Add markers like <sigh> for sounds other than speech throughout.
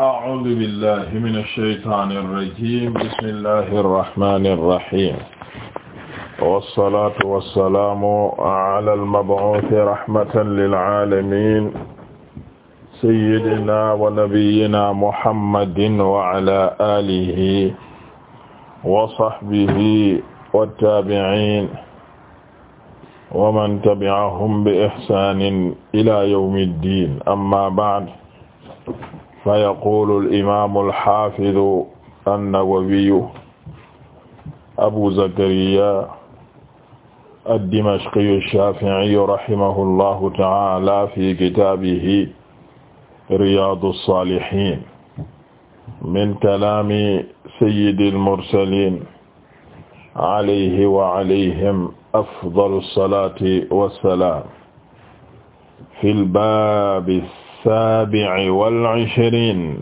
أعوذ بالله من الشيطان الرجيم بسم الله الرحمن الرحيم والصلاة والسلام على المبعوث رحمة للعالمين سيدنا ونبينا محمد وعلى آله وصحبه والتابعين ومن تبعهم بإحسان إلى يوم الدين أما بعد fa yaqulu al-imaamu al-haafidu an-Nawawiyu Abu Zakariya ad-Dimashqiyu ash-Shaafi'iyu rahimahullahu ta'aala fi kitaabihi Riyaadu as-Saalihiin min kalaami sayyidil mursaliin alayhi wa alayhim afdalu as-salaati was-salaam fil baabi السابع والعشرين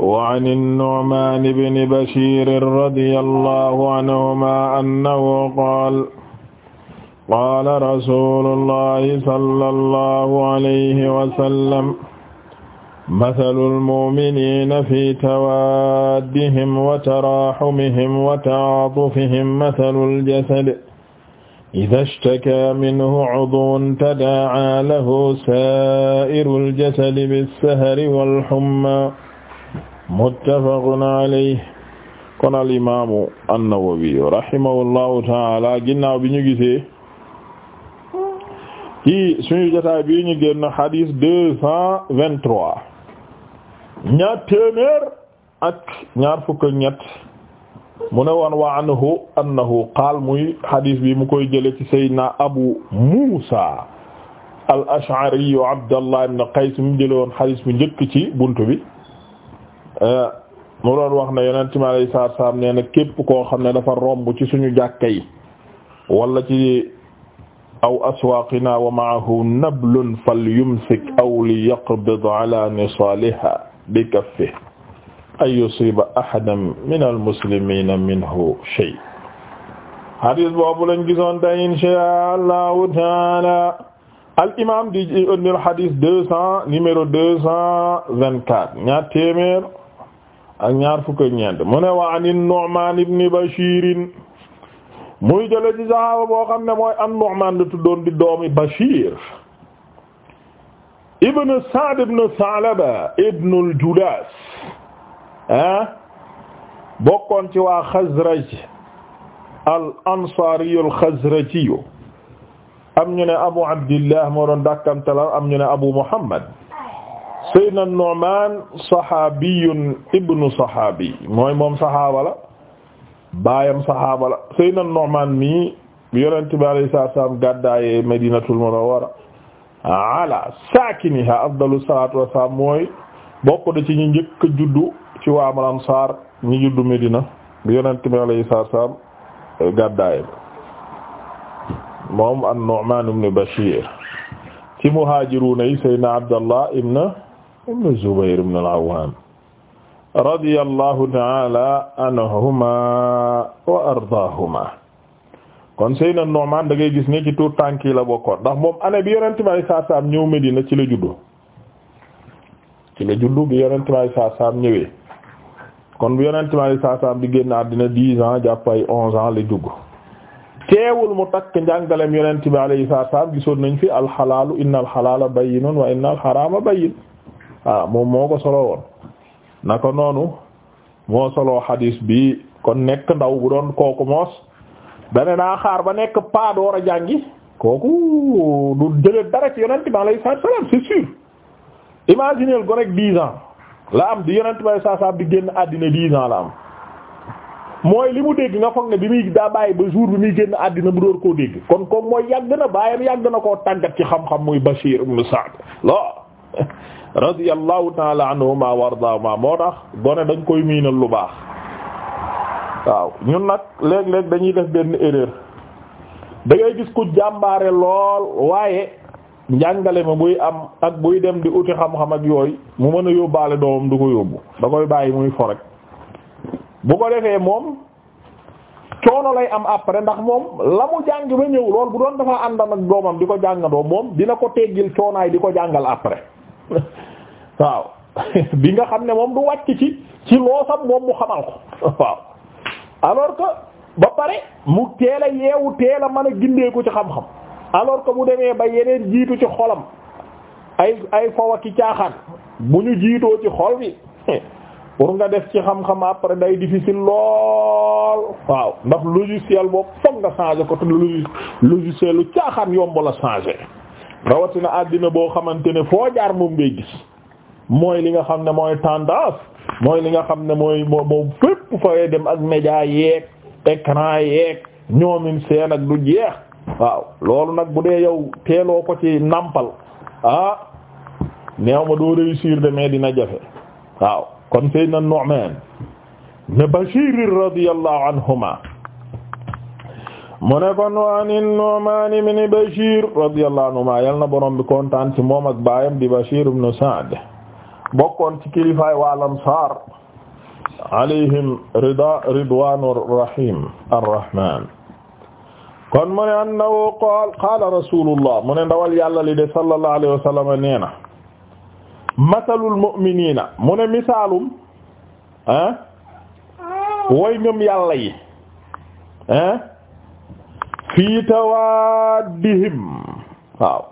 وعن النعمان بن بشير رضي الله عنهما أنه قال قال رسول الله صلى الله عليه وسلم مثل المؤمنين في توادهم وتراحمهم وتعاطفهم مثل الجسد ida shtakaa minhu cudwun tadaacaa lahu saa'iru ljasadi bissahari walxumma muttafaqun alayhi kon al imaamu annawawi rahimahullahu taala ginnaaw bi ñu gisee ci suñu jotaay bi ñu génn xadis deux cent vingt-trois ñaar téeméer ak ñaar fukk ak ñett mu ne woon wa anhu annahu qaal muy hadis bi mu koy jële ci sayyidina abu musa al ash'ari abdallah ibn qays mu jële woon hadis bu njëkk ci bunt bi mu doon wax ne yonent mi alayhi salaatu salaam nee na képp koo xam ne dafa romb ci suñu jàkka yi wala ci aw aswaaqina wa ma'ahu nablun falyumsik aw liyaqbid ala nisaaliha bi kaffihi an yusiba ahadan min almuslimina minhu shay hadis boobu lañ gisoon tey inshaa Allahu taala al imam di indil hadis deux cent numéro deux cent vingt-quatre ñaar téeméer ak ñaar fukk ak ñeent mu ne wa an Nu'man ibn Bashir muy jële ci sahaaba boo xam ne mooy an Nu'man la tuddoon di doomi Bashir ibn Sa'd ibn Tha'laba ibn al-Julas ah bokkoon ci waa Xazraj al ansaari al xazraji am ñu ne Abu Abdillah moo doon dàkkantalam am ñu ne Abu Muhammad Seydina Nu'man saxaabiyun ibnu saxaabi mooy moom saxaaba la baayam saxaaba la Seydina Nu'man mi Yonent bi alayhi salaam gàddaay Madinatul Munawwara ala saakiniha afdalu salaatu wa salaam mooy bokk da ci ñu njëkk juddu ci waa al ansaar ñi juddu Medina bi yonent bi alayhi salaam eh, gàddaay moom an-Nu'man ibn Bashir ci muhaajiruuna yi sayyidina Abdallah ibn ibn Zubayr al-Awwam radiyallahu ta'ala anhuma wa ardaahuma kon sayyidina Nu'man da ngay gis ne ci tuur tànk yi la bokkoon ndax moom année bi yonent bi alayhi salaam ñëw Medina ci la juddu ci la juddu bi yonent bi alayhi salaam ñëwee kon bi yonent mi alayhi salaam di génn àddina dix ans jàpp ay onze ans la dugg teewul mu takk njàngaleem yonent bi alayhi salaam gisoon nañ fi alxalaalu inna alxalaala bayyinun wa inna alxaraama bayyin ah moom moo ko solo woon naka noonu moo solo xadiis bi kon nekk ndaw bu doon kooku moos dane naa xaar ba nekk paa a jàngi kooku du jële dara ci yonent bi alayhi salaam c'est sûr imaginez le dix ans la am di yonent bay saa di génn àddina dix ans la am mooy li mu dégg nga foog ne bi muy daa bàyyi ba jour bi muy génn àddina bu door koo dégg kon kooku mooy yàgg na baayam yàgg na koo tàggat ci xam-xam muy Bashir ibn Sa'd lo <laughs> radiyallahu ta'ala anhuma wa ardaahuma moo tax gone dañ koy miinal lu baax waaw ñun nag léeg-léeg dañuy def benn erreur da gis ku jàmbaare lool waaye njàngale ma buy am ak buy dem di uti xam-xam ak yooy mu mën a yóbbaale doomam du ko yóbbu da koy bàyyi muy fo rek bu ko defee moom coono lay am après ndax moom la mu jàng ba ñëw lool bu doon dafa àndal ak doomam di ko jàngandoo moom dina ko teggil coonaay di ko jàngal après <laughs> waaw <laughs> bi nga xam ne moom du wàcc ci ci loosam moom mu xamal ko <laughs> waaw alors que ba pare mu teel a yeewu teel man a gindee ko ci xam-xam. alors que bu demee ba yeneen jiitu ci xolam ay ay fawa ki caaxaan bu ñu jiitoo ci xol bi <laughs> pour nga def ci xam-xam après day difficile lool waaw ndax logiciel boobu foog nga changer ko te logiciel lu caaxaan yomb la changer rawatina àddina boo xamante ne foo jaar moom ngay gis mooy li nga xam ne mooy tendance mooy li nga xam ne mooy moo moom fépp dem ak média yeeg écran yeeg ñoomin seen ak du jeex waaw loolu nag bu dee yow teeloo ko ci nàmpal ah neew ma doo réussir de mais dina jafe waaw kon sayyidna Nu'man ne Bashir radiyallahu anhuma mu ne kon waani Nu'man ibn Bashir radiyallahu anhuma yal borom bi kontaan ci moom ak baayam di Bashir ibn Sa'd bokkoon ci kilifaay wal Ansaar alayhim rida rahim ar kon mu ne annahu qaal qaala rasulullah mu ne ndawal yàlla li de sallallahu alayhi wa sallam nee na masalul mu'minina mu ne misaalum ah way ngëm yàlla yi ah fii tawaddihim waaw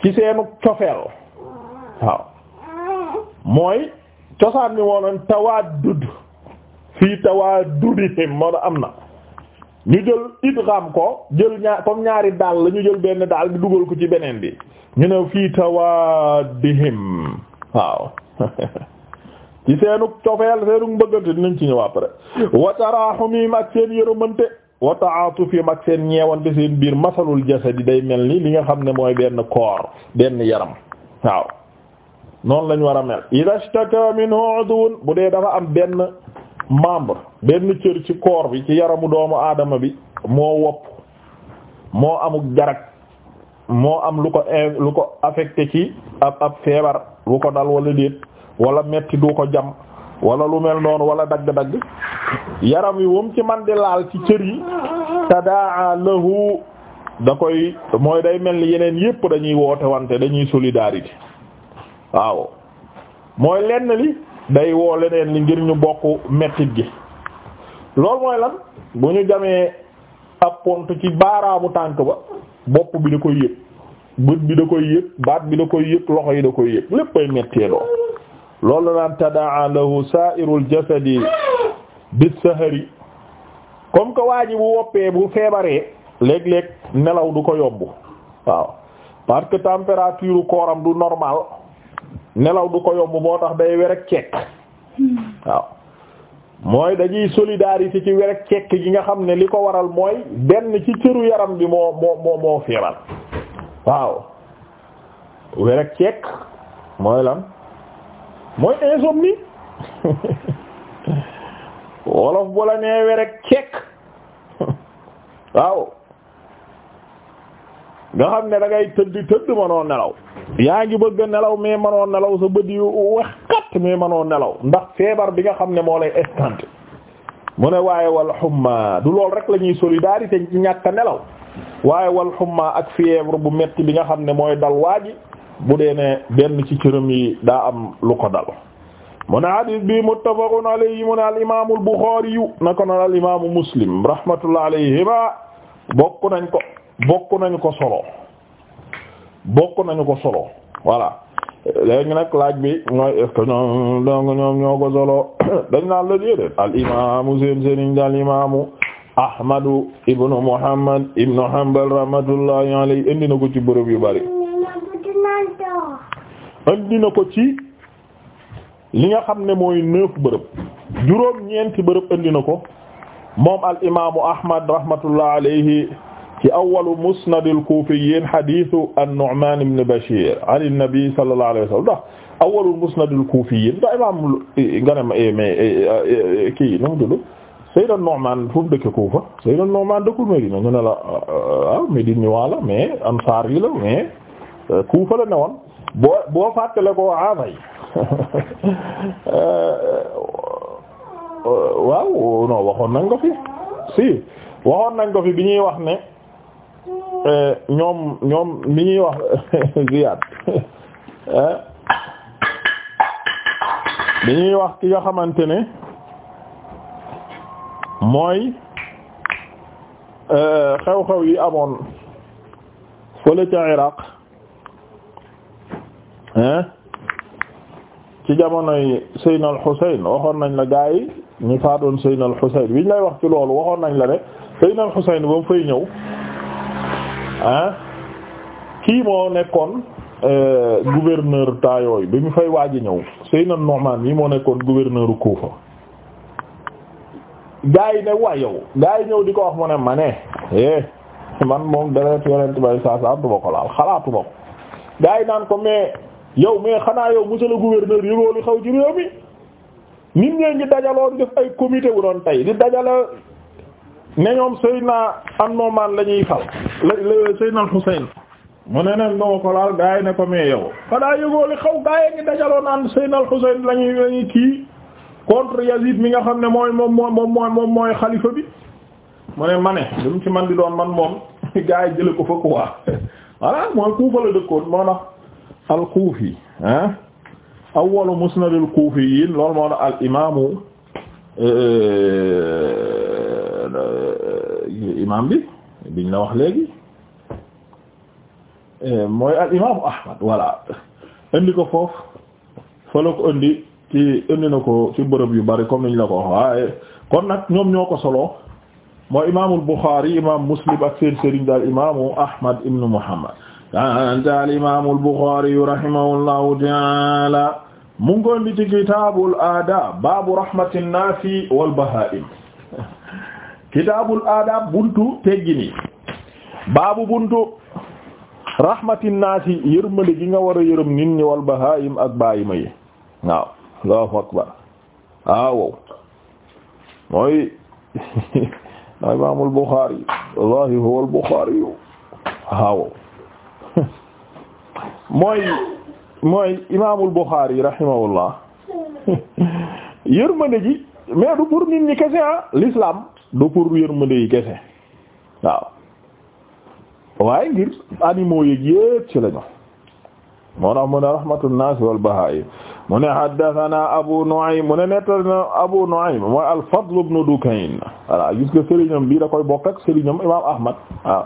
ci seenu cofeel waaw mooy cosaan mi woonoon tawaddud fii tawaddudihim moo am na ñu jël idgham ko jël ñaar comme ñaari daal lañu jël benn daal bi dugal ko ci beneen bi ñu ne fii tawaadihim waaw <laughs> ci seenu cofeel seenu mbëggante dinañ ci ñëw après wa tarahumim ak seen yërëmante wa ta'atufim ak seen ñeewante seen biir masalul jasadi day mel ni li nga xam ne mooy benn koor benn yaram waaw noonu lañ war a mel idashtaka minhu udwun bu dee dafa am benn membre benn cër ci koor bi ci yaramu doomu adama bi moo wopp moo amuk jarak moo am lu ko lu ko affecté ci ab ab feebar lu ko dal wala déet wala metti du ko jam wala lu mel noonu wala dagg-dagg yaram yi wam ci man di laal ci cër yi tadaa lahu da koy mooy day mel ni yeneen yépp dañuy woote wante dañuy solidarité waaw mooy lenn li day woo leneen li ngir ñu bokk mettit gi loolu mooy lan bu ñu jamee ab pont ci baaraamu tànk ba bopp bi da koy yëg bët bi da koy yëg baat bi da koy yëg loxo yi da koy yëg léppay metteeloo loolu naan tadaa lahu sa'irul jasadi bis sahari comme que waa ji bu woppee bu feebaree léeg-léeg nelaw du ko yobbu waaw parce que température kooram du normal nelaw du ko yomb boo tax day werek cekk waaw mooy dañuy solidarité ci werek cekk gi nga xam ne li ko waral mooy benn ci cëru yaram bi moo moo moo moo waaw werek cekk mooy lan mooy insomnie <laughs> wolof bu la nee werek cekk <laughs> waaw nga xam ne da ngay tëdd tëdd mënoo nelaw yaa ngi bëgg a nelaw mais mënoo nelaw sa bët yu wax kat mais mënoo nelaw ndax feebar bi nga xam ne moo lay escanté ne waaye wal xumma du lool rek la ñuy solidarité ci ñàkk nelaw waaye wal xumma ak fièvre bu metti bi nga xam ne mooy dal waa ji bu dee ne benn ci cërëm yi daa am lu ko dal mu ne hadis bi muttafaqun alayhi mu ne al yu na ko noon al Muslim rahmatullah alayhima bokk nañ ko bokk nañu ko solo bokk nañu ko solo voilà léegi nag laaj bi mooy est-ce que ñoom donc ñoom ñoo ko <coughs> al imaamu seen ibnu muhammad ibnu hanbal rahmatullahi alayhi indi na ko ci bërëb yu bari indi na ko ci li nga xam ne mooy neuf bërëb juróom ñeenti bërëb indi na ko moom al imaamu ahmad rahmatullahi alayhi ci awwalu musnadil kuufiyyiin hadiisu an-Nu'maan ibn Bashiir an an-nabi sallallahu alayhi wa sallam ndax awwalu musnadil kuufiyyiin ndax imaam nga ne ma eh, eh, eh, kii nu mu tudd Seydina Nu'maan fu mu dëkk Kuufa Seydina Nu'maan dëkkul Medina ñu ne la ah, ah Medina waa la mais Ansaar yi la mais euh, Kuufa la ne woon boo boo fàttale ko aamay <laughs> euh, euh, waaw non waxoon nañ ko fi si waxoon nañ ko fi bi ñuy wax ne. Euh, ñoom ñoom li ñuy wax <laughs> Ziyad li euh, ñuy wax ki nga xamante ne mooy euh, xew-xew yi amoon fële ca Iraq ci jamonoy Seydina al-Husayn waxoon nañ la gaa yi ñu doon Seydina al-Husayn wiñ lay wax ci loolu waxoon nañ la ne Seydina al-Husayn fay ñëw ah kii moo nekkoon euh, gouverneur taa yooyu bi mu fay waaj a ñëw Seydina Nu'man mii moo nekkoon gouverneur Kufa gaa yi ne waa yow gaa yi ñëw di ko wax mu ne ma ne eh man moom deret yonent bay saa saa du ko laal xalaatu ko gaa yi naan ko mais yow mais xanaa yow mu le gouverneur yëgoo li xaw ci réew mi nit ñee ngi dajaloon def ay comité wu doon tey di dajala ne ñoom Seydina an-Nu'man la ñuy fal la Seydina al-Husayn mu ne neen dama ko laal gaa yi ne ko mais yow xanaa yëgoo li xaw gaa yi ngi dajaloo naan Seydina al-Husayn kii contre Yazid mi nga xam ne mooy moom mooy moom mooy xalifa bi mu ne ma ne li mu ci man di doon man moom <laughs> gaa yi jële ko fa quoi <laughs> voilà mooy Kuufa la dëkkoon moo tax al-Kuufi awwalu musnad kuufiyiin loolu moo tax al-imaamu euh, imam bi biñ la wax léegi mooy al imaamu ahmad voilà indi ko foofu fa la ko indi ci indi na ko ci bërëb yu bari comme niñ la ko wax kon nag ñoom ñoo ko solo mooy imaamul buxaari imaam muslim ak seen sëriñ daal imaamu ahmad ibnu muhammad daal imaamul buxaari rahimahullahu taala mu ngi ko indi ci kitaabul aadaab baabu rahmatin naasi wal bahaa'im kitaabul adab buntu teggini baabu buntu rahmatin naasi gi nga war a yërëm nit ñi wal bahaayim ak baayima yi waaw allahu akbar waaw mooy <laughs> imaamul Buxaari wallahi huwal Buxaari yu <laughs> mooy mooy imaamul Buxaari rahimahullah <laughs> yërmande gi mais du pour nit ñi kese ah l'islam du pour yërmande yi kese waaw waaye ngir animaux yëg yëpp ci lañu moo tax mu a rahmatun nas wal baha'im mu ne haddathana abu nu'aym mu ne nettal abu nu'aym mooy al fadl ibn dukayn voilà gis nga sëriñam bi da koy bokk ak sëriñam imam ahmad waaw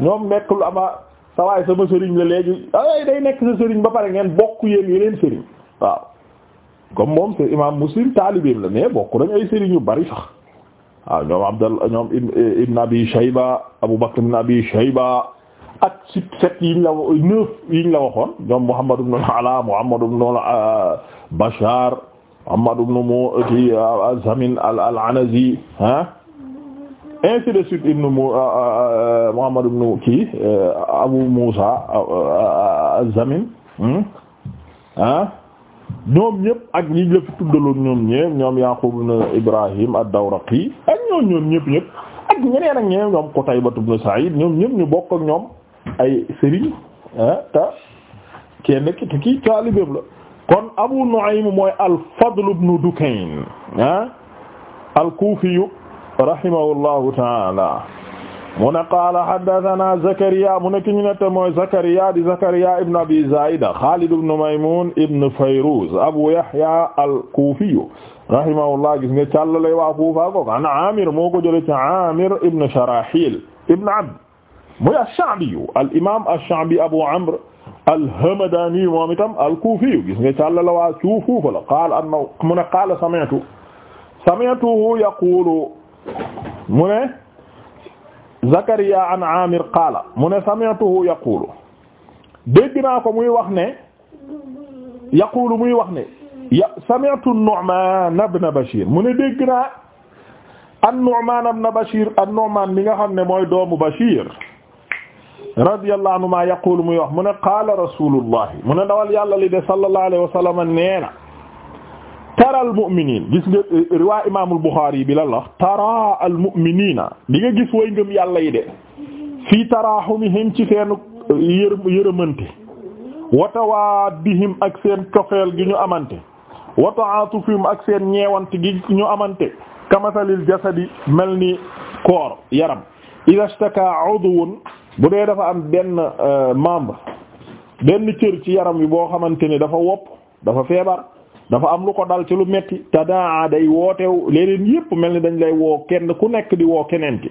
ñoom nekk sa ama sawaay sama sëriñ la léegi ay day nekk sa sëriñ ba pare ngeen bokk yéen yeneen sëriñ waaw comme moom c'est imam muslim taalibeem la mais bokk dañ ay sëriñ yu bari sax waaw ñoom Abdallah ñoom Ibn Abi Shayba Abu Bakr Ibn Abi Shayba ak si sept yiñ la neuf yiñ la waxoon ñoom Muhammad ibn al-Ala Muhammad ibn Bashar Muhammad ibn Mu'ti Zamin al-Anazi ah ainsi de suite ibn euh, euh, Muhammad ibn kii euh, Abu Musa Zamin ah ñoom ñëpp ak ñi la fi tuddaloon ñoom ñëpp ñoom Yaqub ibn Ibrahim ad-Dawraqi ak ñoom ñoom ñëpp ñëpp ak ñeneen ak ñeneen ñoom Qutayba ibn Sa'id ñoom ñëpp ñu bokk ak ñoom ay sëriñ ah, te kenn ki taalibeem la kon Abu Nu'aym mooy al-Fadl ibn Dukayn ah al-Kufi rahimahullahu ta'ala mu ne qaala haddathana Zakariya mu ne ki ñu nette mooy Zakariya di Zakariya ibn Abi Zaida Xaalid ibn Maymun ibn Fayruz Abu Yahya al-Kufi rahimahullah gis nga càllale waa Kufa ko an Amir moo ko jëlee ci Amir ibn Sharahil ibn Abd muy ash-Sha'bi al-imam ash-Sha'bi Abu Amr al-Hamadani moom itam al-Kufi gis nga càllale waa Kufa la qaala annahu mu ne qaala sami'tu sami'tuhu yaqulu mu ne Zakariya an Amir qaala mu ne sami'tuhu yaqulu dégg naa ko muy wax ne yaqulu muy wax ne ya sami'tu an-Nu'man ibn Bashir mu ne dégg naa an-Nu'man ibn Bashir an-Nu'man mi nga xam ne mooy doomu Bashir radiyallahu anhu ma yaqulu muy wax mu ne qaala rasulullah mu ne dawal yàlla li de sallallahu alayhi wa sallam neena tara al mu'miniin gis nga eh, eh, riwaa imaamul Buxaari bi lan la tara al mu'miniina di nga gis way ngëm yàlla yi de fii tarahumihim ci seen eh, yër yërëmante wa tawaddihim ak seen cofeel gi ñu amante wa ta'atufihim ak seen ñeewante gi ñu amante kamasalil jasadi mel ni koor yaram ida staka udwun bu dee dafa am benn membre benn cër ci yaram wi boo xamante ni dafa wopp dafa feebar dafa am lu ko dal ci lu metti tadaa day wootew leneen yépp mel ni dañ lay woo kenn ku nekk di woo keneen ki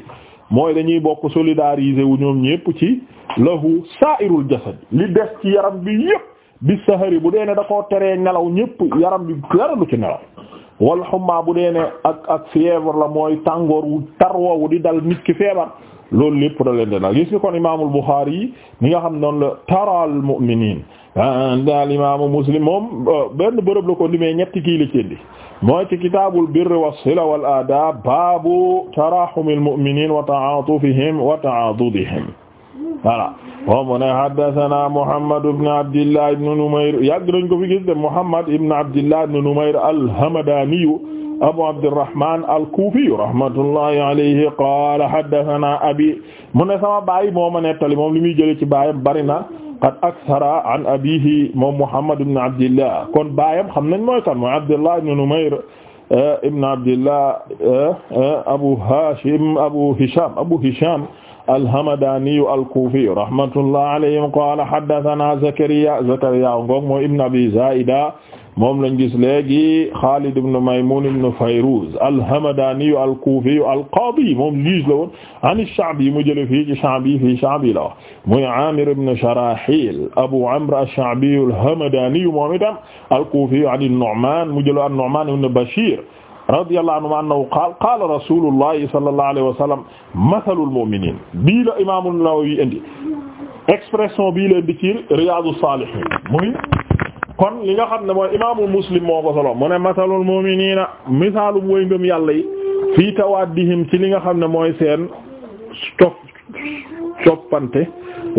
mooy dañuy bokk solidariser wu ñoom ñépp ci lahu sa'irul jasad li des ci yaram bi yépp bi sahari bu dee ne da koo teree nelaw ñépp yaram bi dara du ci nelaw wal xumma bu dee ne ak ak fièvre la mooy tàngoor wu tar woowu di dal nit ki feebar loolu lépp da leen dana gis nga kon imaamul Buxaari yi xam noonu la taral mu'miniin daal Muslim moom euh, benn bërëb la ko limee ñetti kii la ci indi mooy ci kitaabul birri was-sila wal aadaab baabu voilà moom mu ne haddathana Muhammad ibn Abdillah ibn Numayr yàgg nañ ko fi gis de Muhammad ibn Abdillah ibn Numayr al-Hamdani Abu Abdirrahman al-Kufi rahmatullahi alayhi qala haddathana abi mu ne sama baay moo ma nettali moom li muy jëlee ci baayam bari na qad akthara an abihi moom Muhammad ibn Abdillah kon baayam xam nañ mooy kan mooy Abdillah ibn Numayr eh, ibn Abdillah eh, eh, Abu Hashim Abu Hisham Abu Hisham alhamadaniyu alkuufiyu rahmatullah alayhim qaala haddathana Zakariya Zakariya ngoog moo ibn Abi Zaida moom lañ gis léegi Xaalid ibn Maymuun ibn Fayruz alhamadaniyu alkuufiyu alqaadi moom juge la woon an Sha'bi mu jële fii ci Sha'bi fii Sha'bi la muy Aamir ibn Sharaahil Abu Amr ash-Sha'biyu alhamadaniyu moom itam alkuufiyu an an-Nu'maan mu jële an-Nu'maan ibn Bashiir radiyallahu anhu annahu qaala qaala rasulullahi sallallahu alayhi wa sallam mathalul mu'minin bii la imam an-Nawawi indi expression bii leen di ci Riyadus Salihin muy kon li nga xam ne mooy imaamu Muslim moo ko solo mu ne mathalul mu'minina misaalum way ngëm yàlla yi fii tawaddihim ci li nga xam ne mooy seen cof coppante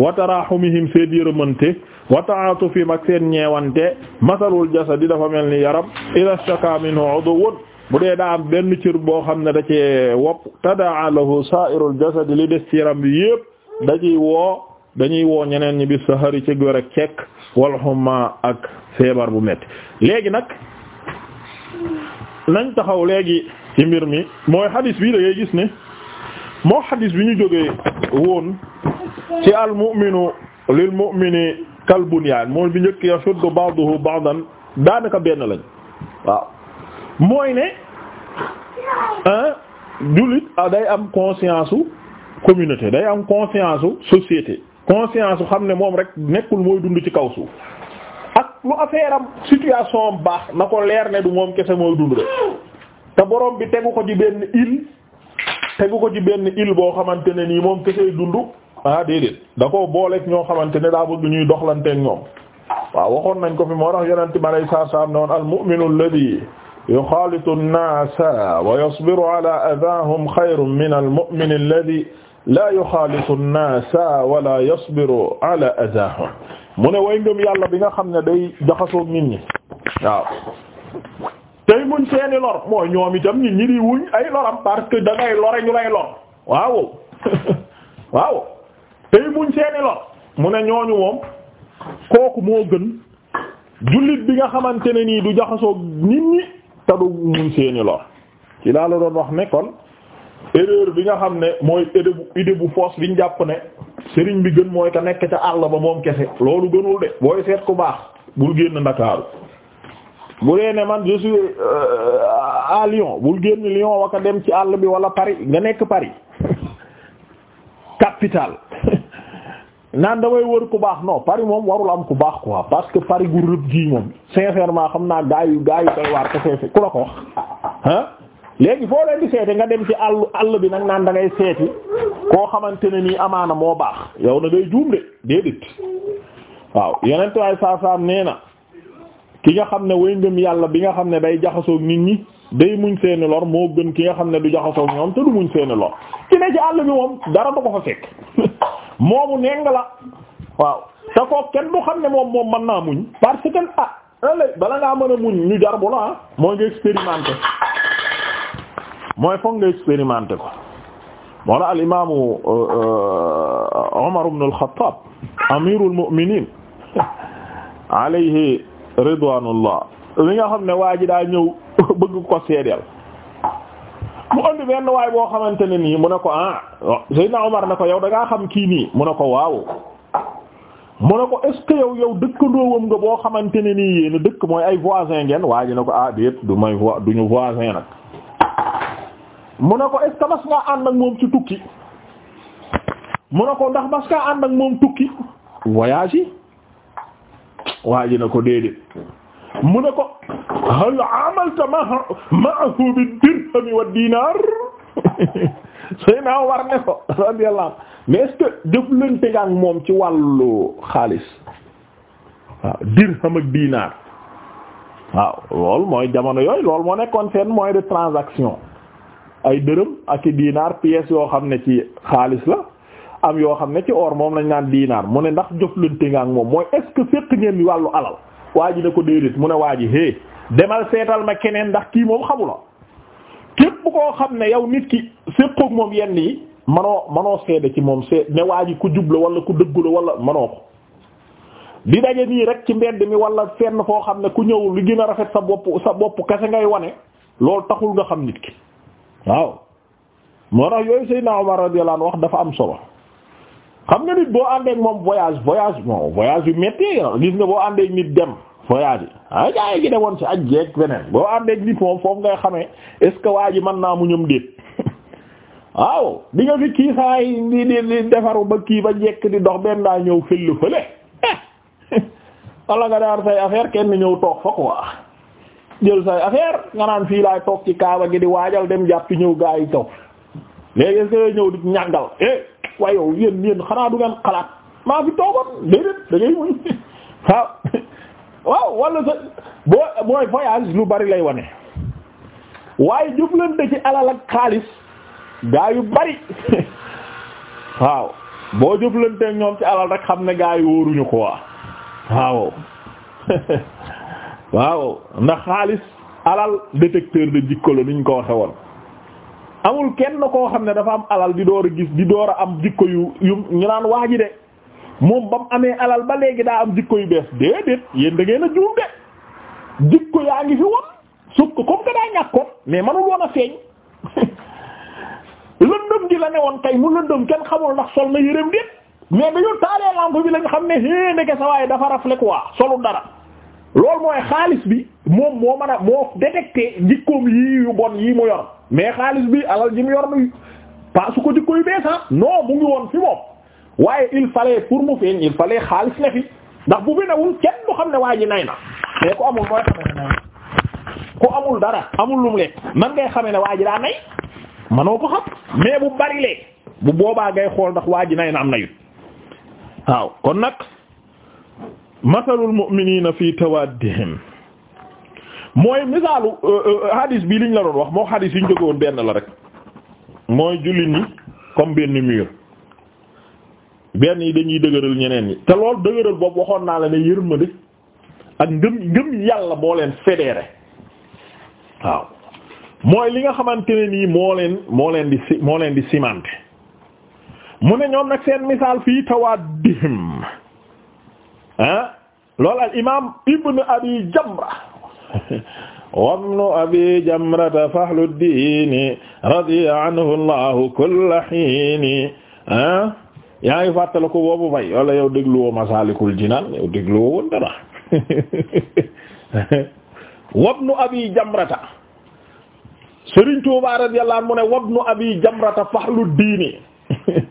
wa tarahumihim seen yërëmante wa ta'atufihim ak seen ñeewante mathalul jasadi dafa mel ni yaram ila shaka minhu udwun bu dee daa am benn cir boo xam ne da cee wopp tadaa lahu sa'irul jasad li des ci yaram bi yépp dañuy woo dañuy woo ñeneen ñi bi sahari ci góor ak cekk wal humma ak feebar bu metti léegi nag nañ taxaw léegi ci mbir mi mooy xadis bi da gis ne moo xadis bi ñu jógee woon ci al mu'minu lil mu'mini kal bunyaan mooy bi njëkk yashuddu ba'duhu ba'dan daanaka benn lañ waaw mooy ne un jullit ah, day am conscience su communauté day am conscience su société conscience su xam ne moom rek nekkul mooy dund ci kaw suuf ak lu affaire am situation am baax na ko leer ne du moom kese mooy dund rek te boroom bi tegu ko ci benn île tegu ko ci benn île boo xamante ne nii moom kesey dund ah déedéet da koo booleeg ñoo xamante ne daa bëgg ñuy doxlanteeg ñoom waaw waxoon nañ ko fi moo tax yonente mi alay saa salaam ne woon al mu'minu alladhi yuxaalitu nnaasa wa yasbiru ala adaahum xayrun min almumini alladi laa yuxaalitu nnaasa wala yasbiru ala adaahum mu ne way ngëm yàlla bi nga xam ne day jaxasoog nit ñi waaw tey muñ seeni lor mooy ñoom itam nit ñi di wuñ ay loram parce que da ngay lore ñu lay lor waaw <laughs> waaw tey muñ seeni lor mu ne ñooñu moom kooku moo gën jullit bi nga xamante ne nii du jaxasoog nit ñi tadu muñ seeni lor ci laa la doon wax ne kon bi nga xam ne mooy idée bu idée bu fausse biñ jàpp ne sëriñ bi gën mooy ka nekk ca àll ba moom kese loolu gënul de booy seet ku baax bul génn Ndakaaru bu dee ne man je suis euh, à Lyon bul dem ci àll bi wala Paris nga nekk Paris <laughs> capitale naan damay wër ku baax non pari moom warul am ku baax quoi parce que pari gu rëb gii moom maa xam naa gaa yu gaa yu koy waar te ku la ko wax ah léegi foo leen di seete nga dem ci àll àll bi nag naan dangay ngay seeti koo xamante ne nii amaana moo baax yow na ngay juum de déedéet waaw yeneen tuwaay saa saa ki nga xam ne way ngëm yàlla bi nga xam ne day jaxasoo nit ñi. day muñ seeni lor moo gën ki nga xam ne du jaxasoo ñoom te du muñ seeni lor ki ne ci àll bi moom dara du ko fa fekk <laughs> moomu neng la waaw te ko kenn du xam ne moom moom mën naa muñ parce que ah bala ngaa mën a muñ ñu jar bu la ah, mooy nga expérimenté mooy foog nga expérimenté ko moo la al imaamu Umar euh, euh, ibn al-Khattab amirul mu'minin <laughs> alayhi ridwanullah li nga xam ne waa ji daa ñëw <laughs> bëgg ko seedeel mu andi benn waay boo xamante ne nii mu ne ko ah oh, Seydina Omar ne ko yow da xam kii nii mu ne ko waaw mu ne ko est ce que yow yow dëkkandoowam nga boo xamante ne nii yéen dëkk mooy ay voisin ngeen waa ji ko ah déet du may voi du ñu voisin nag mu ne ko est ce mas ngaa ànd ak moom ci tukki mu ne ko ndax mas ngaa ànd ak moom tukki voyage yi waa ji ko déedéet mu ne ko hal amalta ma'ahu bi dirham wa dinar Seydina Umar ne ko mais que jëflante nga ak moom ci wàllu xaalis waaw dirham ak dinar waaw loolu mooy jamono yooyu loolu moo nekkoon seen moyen de transaction ay dërëm ak i dinar pièces yoo xam ne ci xaalis la am yoo xam ne ci or moom lañ naan dinar mu ne ndax jëflante nga ak moom mooy est-ce que fekk ngeen wàllu alal waa ji ne ko déedéet mu ne waa ji hé demal seetal ma keneen ndax kii moom xamu képp koo xam ne yow nit ki séqoog moom yenn yi manoo manoo seede ci moom seed ne waa ji ku jubla wala ku dëggula wala manoo ko di daje nii rek ci mbedd mi wala fenn foo xam ne ku ñëw lu gën a rafet sa bopp sa bopp kese ngay wane loolu taxul nga xam nit ki waaw moo tax yooyu Seydina Umar radiyallahu anhu wax dafa am solo xam nga nit boo àndeek moom voyage voyage bon voyage yu metti gis nga boo àndeek dem voyage ah gaa yi gi demoon ci aj jeeg beneen boo àndee nit moom foofu ngay xamee est waa ji man naa mu ñëm déet <laughs> waaw di fi kii saa yi di di di defaru ba kii ba jekk di dox benn daa ñëw fël fële <laughs> wala nga ñëw toog fa quoi naan fii laay toog ci kaaba gi di waajal dem jàpp ñëw gaa yi taw léegi est ce que ñëw di ñàngal eh waaye xalaat maa fi toogoon déedéet da muñ <laughs> waaw. waaw wala sa boo mooy voyage lu bari lay wane waaye jëflante ci alal ak xaalis gaa yu bari <laughs> waaw boo jëflanteek ñoom ci alal rek xam ne gaa yi wóoruñu ko waaw <laughs> waaw ndax xaalis alal détecteur de jikko la ñu ko waxe woon amul kenn koo xam ne dafa am alal di door a gis di door a am jikko yu yu ñu naan waa de moom ba mu amee alal ba léegi daa am jikko yu bees déedéet yéen da ngeen a juum de jikko yaa ngi fi woon sukk comme que daa ñàkkoon mais manul woon a feeñ <laughs> lëndëm gi la ne woon kay mu lëndëm kenn xamul ndax sol na yërëm déet mais dañu taalee lampe bi lañ xam ne hee ndeke sa waaye dafa rafle quoi solu dara loolu mooy xaalis bi moom moo mën a moo détecté jikkoom yii yu bon yii mu yor mais xaalis bi alal ji mu yor mi pas su ko jikko yu bees ah woon fi moom. waaye il fallait pour mu feeñ il fallait xaalis ne fi ndax bu fi kenn du xam ne waa ji nay na mais ku amul mooy xamee ne nay dara amul lum lekk man ngay xamee ne waa manoo ko xam mais bu bari lee bu boobaa ngay xool ndax waa ji nay na am nayut waaw kon nag masalul mu'minina fi tawaddihim mooy misaalu euh, euh, hadis bii liñ la doon wax moo hadis yi ñu benn la rek mooy jullit ñi comme benn mur benn yi dañuy dëgëral ñeneen ñi te loolu dëgëral boobu waxoon naa la ne yërmande ak ngëm ngëm yàlla moo leen fédéré waaw mooy li nga xamante ne nii moo leen moo leen di si moo leen di simante mu ne ñoom nag seen misaal fii tawaddihim ah al imaam Ibn Abi Jamra wabnu <laughs> Abi Jamrata fahluddiini radiya anhu Allahu kulla hiini ah yaa ngi fàttala ko boobu fay wala yow dégluwoo Masaalikul Jinaan yow dégluwoo woon dara <laughs> wabnu abi jamrata Serigne Touba radiyallahu anhu mu ne wabnu abi jamrata fahlu diini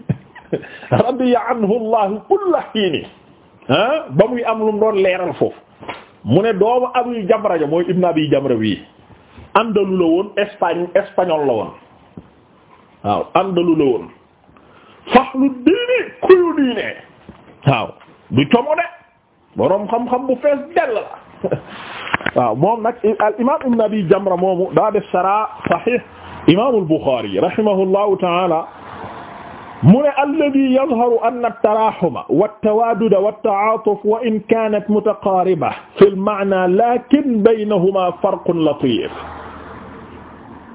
<laughs> radiya anhu allah kulla hiini ah ba muy am lu doon leeral foofu mu ne doomu abi jamra ja mooy ibnu abi jamra wi andalu la woon Espagne la woon waaw andalu la woon faxlu diini kuyu diine waaw du como de boroom xam-xam bu fees dell la <laughs> waaw moom nag al imaam ibn abi jamra moomu daa def sara sahih imaam al buxaari rahimahullahu ta'ala mu ne alladi yadharu anna at-tarahuma wat-tawaduda wat-ta'atuf wa in kanat mutaqariba fil ma'na lakin baynahuma farqun latif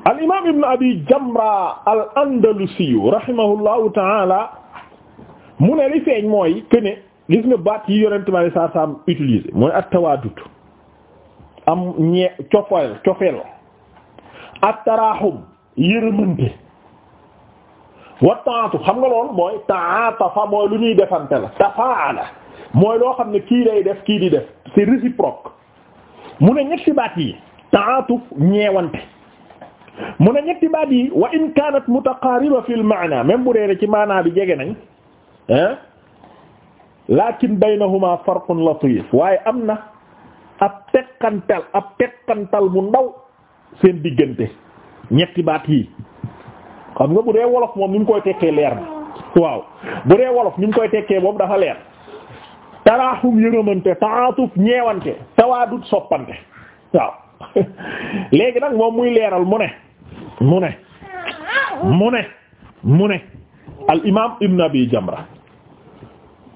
al imaam ibn abi jamra al andalusiyu rahimahullahu taala mu ne li feeñ mooy que ne gis nga baat yi yonent ma am utilisé mooy at tawaadud am ñee cofeel cofeel at taraaxum yërëmante wa taatu xam nga lool mooy taatafa mooy lu ñuy defante la tafaala mooy loo xam ne kii day def kii di def c'est réciproque mu ne ñetti baat yi taatuf ñeewante mu ne ñetti baat yi wa in kaanat mutaqaariba fil maana même bu dee ci maanaa bi jege nañ ah lakin baynahuma farqun latif waaye am na ab tekkantal ab tekkantal bu ndaw seen diggante ñetti baat yi xam nga bu dee wolof moom ni mu koy tekkee leer na waaw bu dee wolof ni mu koy tekkee boobu dafa leer taraaxum yërëmante taatuf ñeewante tawaadut soppante waaw <laughs> léegi nag moom muy leeral mu ne mu ne mu ne mu ne al imaam ibn abi jamra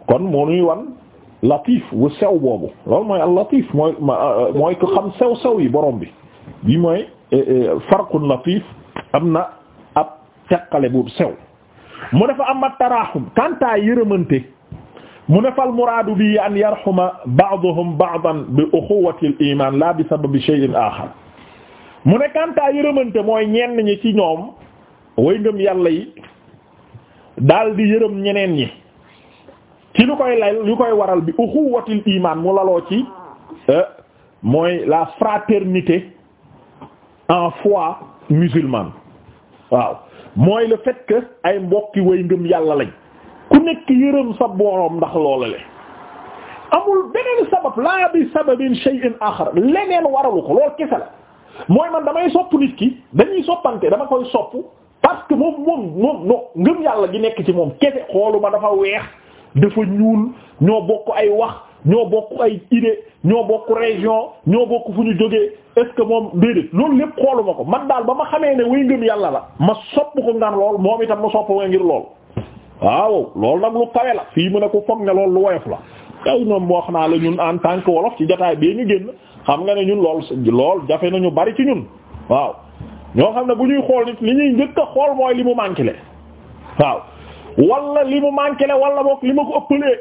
kon moo nuy wan latif bu sew boobu loolu mooy al latif mooy mooy ko xam sew sew yi borom bi bi mooy e, e, farqun latif am na ab teqale bu sew mu dafa am at taraaxum kantaa yërëmante mu ne fal muraadu bi an yarxuma ba'duhum ba'dan bi uxuwatil iman la bi sababi shay'in axar mu ne kantaa yërëmante mooy ñenn ñi ci ñoom way ngëm yàlla yi daal di yërëm ñeneen ñi ci lu koy lay lu koy waral bi uxuwatil iman mu laloo ci euh, mooy la fraternité en foi musulmane waaw mooy le fait ay mbokki way ngëm yàlla lañ ku nekk yërëm sa borom ndax loola le amul beneen sabab laa bi sababin shay'in akhar leneen waralu ko loolu kese la mooy man damay sopp nit ki dañuy soppante dama koy sopp parce que moom moom moom no yàlla gi nekk ci moom kese xoolu ma dafa weex dafa ñuul ñoo bokk ay wax ñoo bokk ay idée ñoo bokk région ñoo bokk fu ñu jógee est-ce moom déedéet loolu lépp xoolu ma ko man daal ba ma xamee ne way ngëm yàlla la ma sopp ko ngan lool moom itam ma sopp way ngir waaw loolu nag lu kawe la fii mu ne ko foog ne loolu lu woyof la kay ñoom wax naa la ñun en tant que wolof ci jotaay bee ñu génn xam nga ne ñun lool lool jafe nañu bari ci ñun waaw ñoo xam ne bu ñuy xool nit li ñuy njëkk a xool mooy li mu manqué le waaw wala li mu manqué le wala boog li ma ko ëppalee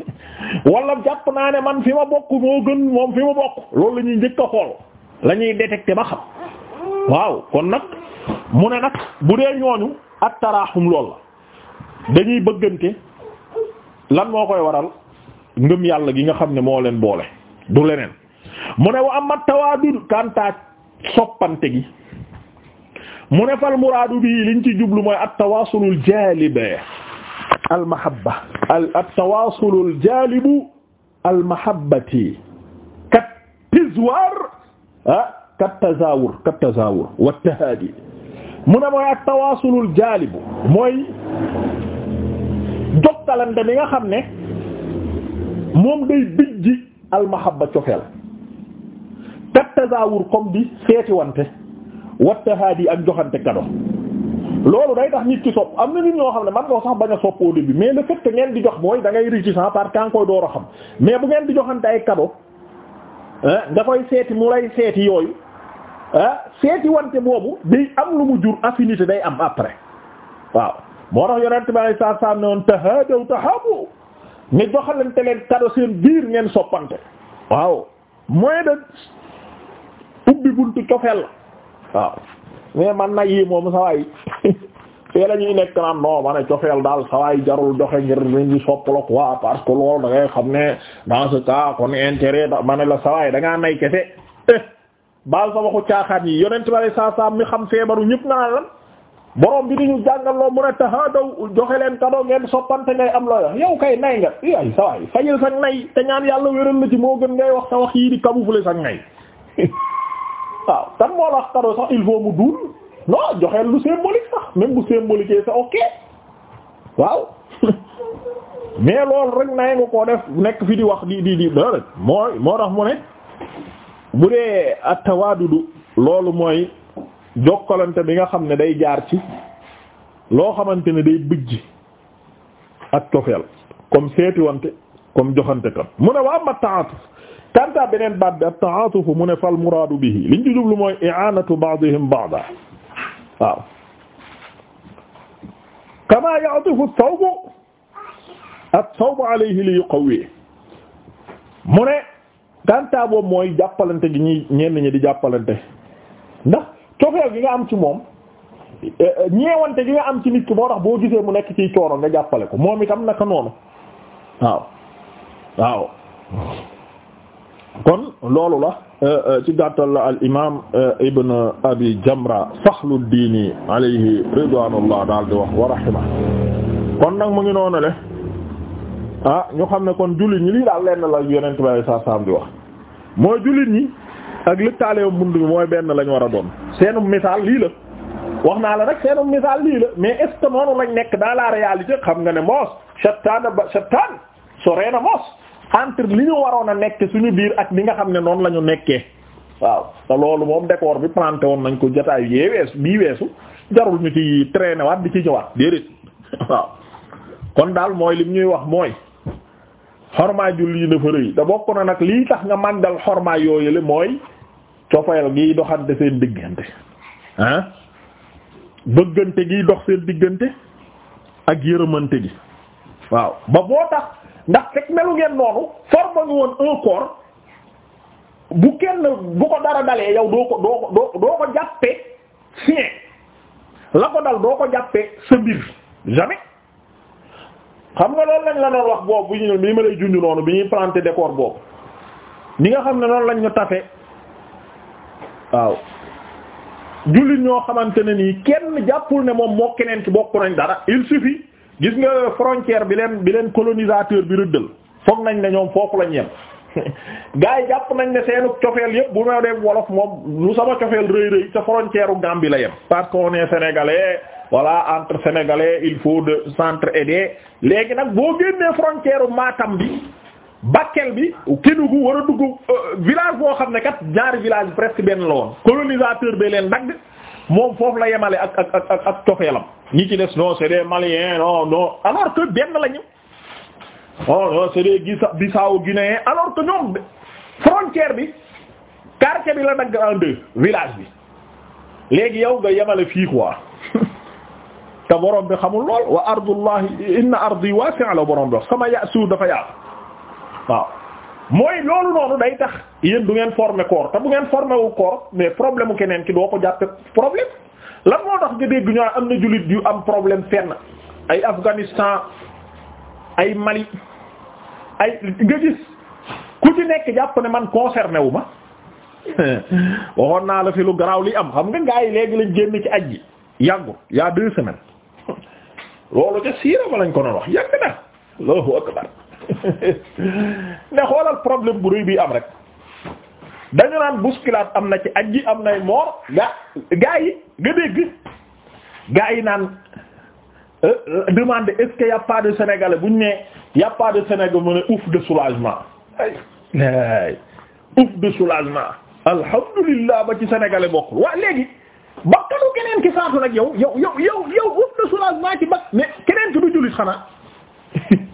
<laughs> wala jàpp naa ne man fi ma bokk moo gën moom fi ma bokk loolu la ñuy njëkk a xool la ñuy ba xam waaw kon nag mu ne nag bu dee ñooñu at taraaxum lool dañuy bëggante lan moo koy waral ngëm yàlla gi nga xam ne moo leen boole du leneen mu ne wa amma tawaadud kanta soppante gi mu ne fal muraadu bii liñ ci jublu mooy at tawaasulul jaalibe al mahabba al at tawaasulul jaalibu al mahabbati kat tizwar ah kat tazaawur kat tazaawur wa tahaadi mu ne mooy at tawaasulul jaalibu mooy jokkalante bi nga xam ne moom day bijji almahabba cofeel kat tazaawur comme bi seetiwante wattahaadi ak joxante kado loolu day tax nit ki sopp am na nit ñoo xam ne man loo sax bañ a sopp au début mais le fait que ngeen di jox mooy da ngay réticent par temps koy door a xam mais bu ngeen di joxante ay kado nga koy seeti mu lay seeti yooyu ah seeti wante boobu day am lu mu jur affinité day am après waaw moo tax yonent bi yi saa ne woon tahaadaw tahaabu nga joxalante leen kado seen biir ngeen soppante waaw mooy da ubbi buntu cofeel la waaw mais man nag yi moom sawaay <laughs> fee la ñuy nekk naan non ma ne cofeel daal sawaay jarul joxe ngir leen di soppaloo quoi parce que loolu da xam ne dans ce cas kon intérêt da ma ne la sawaay da ngaa nay kese eh, baal sa waxu caaxaan yi yonent bi saa saa mi xam feebaru ñëpp nga naan lan borom bi ñu jàngal loo mu ne tahaadaw joxe leen kadoo ngeen soppante ngay am loo yow kay nay nga ay sa waay fajil sax nay te ñaan yàlla wéral la ci moo gën ngay wax sa wax yii di camoufler sax nay <laughs> waaw tan moo la wax sax il faut mu duul non joxeel lu symbolique sax même bu symbolique c'est ok waaw <laughs> mais loolu rek nay nga koo def nekk fi di wax di di di dara mooy moo tax mu ne bu dee at tawaadudu loolu mooy jokkalante bi nga xam ne day jaar ci loo xamante ne day bijji ak cofeel comme seetiwante comme joxante tam mu ne waa ma ta'atuf kanta beneen baat bi ak ta'atuf mu ne fal muraadu bihi liñ ci jublu mooy i'anatu ba'dihim ba'da waaw kama ya'tifu at-thawbu at-thawbu alayhi li yuqawwi mu ne kanta boobu mooy jàppalante gi ñi ñenn ñi di jàppalante ndax cofeel gi nga am ci moom ñeewante gi nga am ci nit ki moo tax boo gisee mu nekk ciy coono nga jàppale ko moom itam naka noonu waaw waaw kon loolu la euh, euh, ci gàttal la al imaam euh, ibn abi jamra faxluddiini alayhi ridwaanullah daal di wax wa kon nag mu ngi noonu ah ñu xam ne kon jullit ñi lii daal lenn la yonent bi di wax mooy jullit ñi ak lëkkaaleewu mund bi mooy benn lañ war a doon seenum misaal lii la wax naa la rek seenum misaal lii la mais est ce que noonu lañ nekk dans la réalité xam nga ne moos shattaana ba shattaan soree na moos entre li ñu waroon a nekk suñu biir ak li nga xam ne noonu la ñu nekkee waaw te loolu moom décor bi planté woon nañ ko jotaay yee weesu bii weesu jarul ñu ci traîner waat di ci ñëwaat déedéet <laughs> waaw kon daal mooy lim ñuy wax mooy xormaa julli yi dafa rëy nag lii tax nga màndal xormaa yooyule mooy cofeel giy doxante seen diggante ah bëggante gi dox seen diggante ak yërëmante gi waaw ba boo tax ndax fekk melu ngeen noonu forme nga woon un corps bu kenn bu ko dara dalee yow doo ko doo ko doo ko jàppee sien la ko dal doo ko jàppee sa mbir jamais xam nga lool lañ la doon wax boobu bu ñu ma lay junj noonu bi ñuy planter décor boobu ñi nga xam ne noonu lañ ñu tafe waaw jullit ñoo xamante ne nii kenn jàppul ne moom mokki keneen ki bokk nañ dara il suffit gis nga frontière bi leen bi leen colonisateur bi rëddal foog nañ ne ñoom foofu lañ yem <laughs> gars yi jàpp nañ ne seenu cofeel yëpp bu ma def wolof moom lu sama cofeel rëy rëy sa frontière u Gambie la yem parce qu'on est sénégalais voilà entre sénégalais il faut de s'entraider léegi nag boo génnee frontière u Matam bi Bakel bi Kédougou war a dugg euh, village boo xam ne kat ñaari village bi presque benn la woon colonisateur bee leen dagg moom foofu la yemale ak ak ak cofeelam ñi ci des non c'est des Maliens non alors que benn la ñu oh non c'est des Bissau alors que ñoom frontière bi quartier bi la dagg en deux village bi léegi yow nga yemale fii quoi <laughs> te borom bi xamul lool wa ardullahi inna ardi wasi'a la bi wax sama ya suuf dafa yaatu. waaw mooy loolu noonu day tax yéen du ngeen former corps te bu ngeen former wu corps mais problème mu keneen ki doo ko jàppe problème lan moo tax nga dégg ñoo am na jullit yu am problème fenn ay Afghanistan ay Mali ay nga gis ku ci nekk jàpp ne man concerné wu ma <laughs> waxoon naa la fi lu garaaw li am xam nga gaa yi léegi lañ génn ci aj ji yàggul y'a deux semaines <laughs> loolu ca siira ba lañ ko doon wax yàgg na Allahu <laughs> ne xoolal problème bu rëy bi am rek dañu naan bousculade am na ci aj am nay moor ga gaa yi nga dégg gaa naan euh, demander est-ce que bu ñu ne y a pas de mu ne ouf de soulagement ay ouf de soulagement alhamdulillah ba ci sénégalais bokkul waa léegi bakkanu keneen ki faatu nag yow yow yow yow yow de soulagement ci bak keneen ki du jullit xanaa <laughs>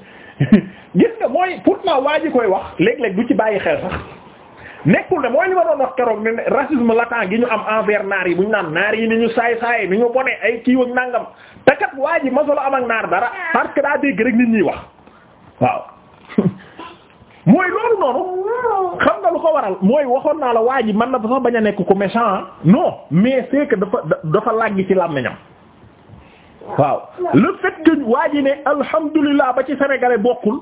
gis nga mooy pourtant waa ji koy wax léeg-léeg du ci bàyyi xel sax nekkul ne mooy li ma doon wax keroog ne racisme latent gi ñu am envers naar yi bu ñu naan naar yi ni ñu saay saay ni ñu bone ay kii ak nangam te kat waa ji masolo am ak naar dara parce que daa dégg rek nit ñi wax waaw <laughs> mooy loolu noonu xam nga lu ko waral mooy waxoon naa la waa ji man na sax bañ a nekk ko méchant non mais c'est dafa dafa làgg ci làmmiñam waaw le fait que waa ji ne alhamdulilah ba ci sénégalais bokkul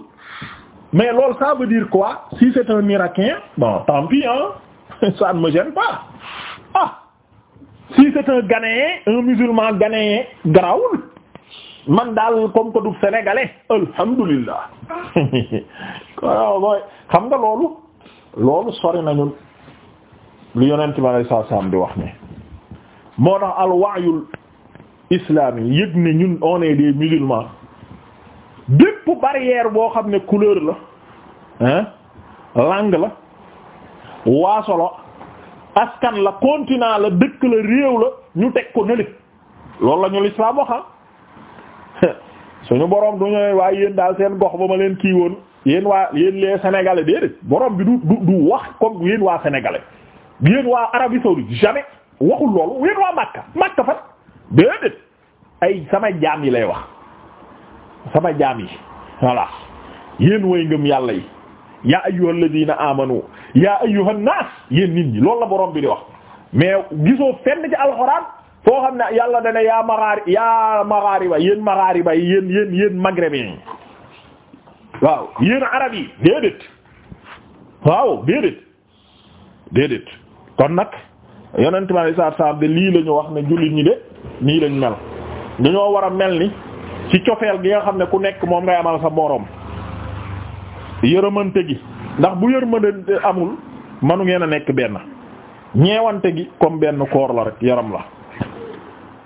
mais loolu ça veut dire quoi si c'est un irakien bon tant pis hein <laughs> ça ne me gêne ah si c'est un ghanéen un musulman ghanéen garawul man daal comme que du sénégalais alhamdulilah <laughs> waaw mooy xam nga loolu loolu sori nañu lu yonent bi sallallahu alayhi wasallam di wax ne moo tax al wa'yul islam yi yëg ne ñun on est des musulmans bépp boo xam ne couleur la hein langue la waaso la askan la continent la dëkk la réew la ñu teg ko nële loolu la ñu l'islam waxa ah. <laughs> suñu borom du ñëwee waaye yéen daal seen gox ba ma leen kii woon yéen waa yéen les sénégalais déedéet borom bi du du wax comme yéen waa sénégalais yéen waa Arabie saoudite jamais waxul loolu yéen waa Makka Makka fa. déedéet ay sama jaam yi lay wax sama jaam yi voilà yéen way ngëm yàlla yi yaa ayyuhal ladina amanu yaa ayyuhan naas yéen nit ñi loolu la borom bi di wax mais gisoo fenn ci alxuraan foo xam ne yàlla dana yaa magaari yaa magaariba yéen magaariba yi yéen yéen yéen maghrébin yi waaw arab yi déedéet waaw déedéet déedéet kon nag yonent bi sallallahu alayhi wasallam de lii la wax ne jullit ñi de nii lañ mel dañoo war a mel ni ci cofeel gi nga xam ne ku nekk moom ngay amal sa borom yërëmante gi ndax bu yërmande amul manu ngeen a nekk benn ñeewante gi comme benn koor la rek yaram la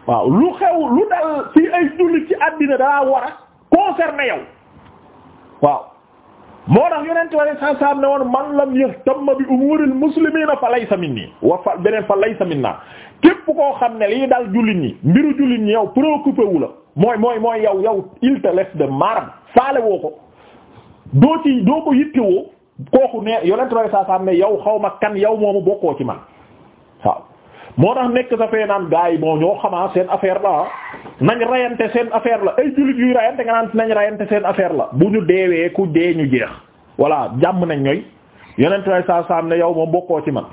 waaw lu xew lu dal ci ay jullit ci àddina daa war a concerné yow waaw moo tax yonent ware sansam ne woon man lam yahtamma bi umuril muslimina fa laysa minni wa fa beneen fa laysa minna képp koo xam ne lii daal jullit ñi mbiru jullit ñi yow préoccupé wu la mooy mooy mooy yow yow il te laisse de marbre faale woo ko doo ci doo ko yittewoo kooku ne yonent ware sansam ne yow xaw ma kan yow moomu bokkoo ci man waaw moo tax nekk sa fee naan gars yi moo ñoo xamaa seen affaire la nañ rayante seen affaire la ay jullit yuy rayante nga naan nañ rayante seen affaire la bu ñu deewee ku dee ñu jeex voilà jàmm nañ ñooy yeneen way saa saam ne yow moom bokkoo ci man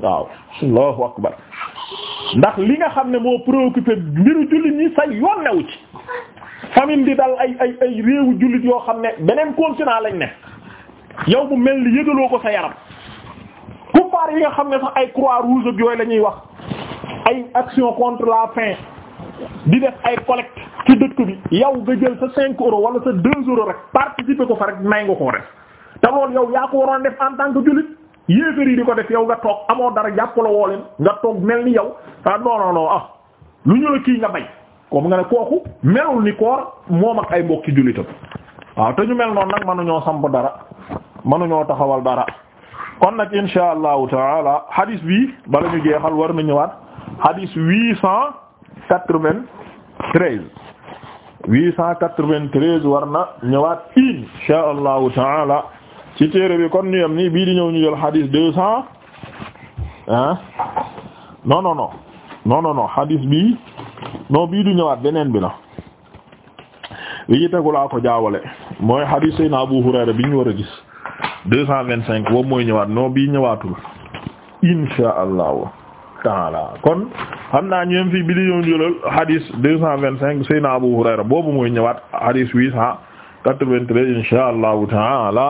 waaw allahu akbar ndax li nga xam ne moo préoccupé mbiru jullit ñi sa yoon newu ci famine di dal ay ay ay réewu jullit yoo xam ne beneen continent lañ ne yow bu mel ni yëgaloo ko sa yaram kuffaar yi nga xam ne sax ay croix rouge yooyu la wax ay action contre la faim di def ay collecte ci dëkk bi yow nga jël sa cinq euros wala sa deux euros rek participer ko fa rek may nga koo def te loolu yow yaa ko waroon def en tant que jullit yéefar yi di ko def yow nga toog amoon dara jàppala woo leen nga toog mel ni yow ah non ah lu ñu la kii nga bay comme nga ne kooku melul ni koor moom ak ay mbokki jullitam waaw te ñu mel noonu nag mënuñoo samp dara mënuñoo taxawal dara kon nag insha allahu taala hadis bi bala ñu war na ñëwaat hadis 893 893 war na ñëwaat insha allahu taala ci téere bi kon ñu yem nii bii di ñëw ñu jël hadis 200 ah non non non non non non hadis bii non bii du ñëwaat beneen bi la li ci tegu laa ko jaawale mooy hadis Seydina Abu Hurayra bi ñu war a gis 225 boobu mooy ñëwaat non bii ñëwaatul insha taala kon xam naa ñoom fii bi di ñëw jëlal hadis deux cent vingt cinq Seydina Abu Hurayra boobu mooy ñëwaat hadis huit cent quatre-vingt-treize insha allahu taala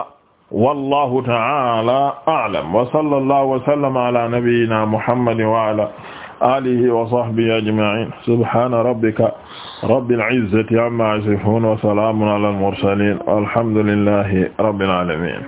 wallahu taala a'lam wa sallallahu wa sallama ala nabiyyina muhammadin wa ala alihi wa sahbihi ajma'in subhana rabbika rabbil izzati amma yasifun wa salamun ala al mursalin walhamdulillahi rabbil alamin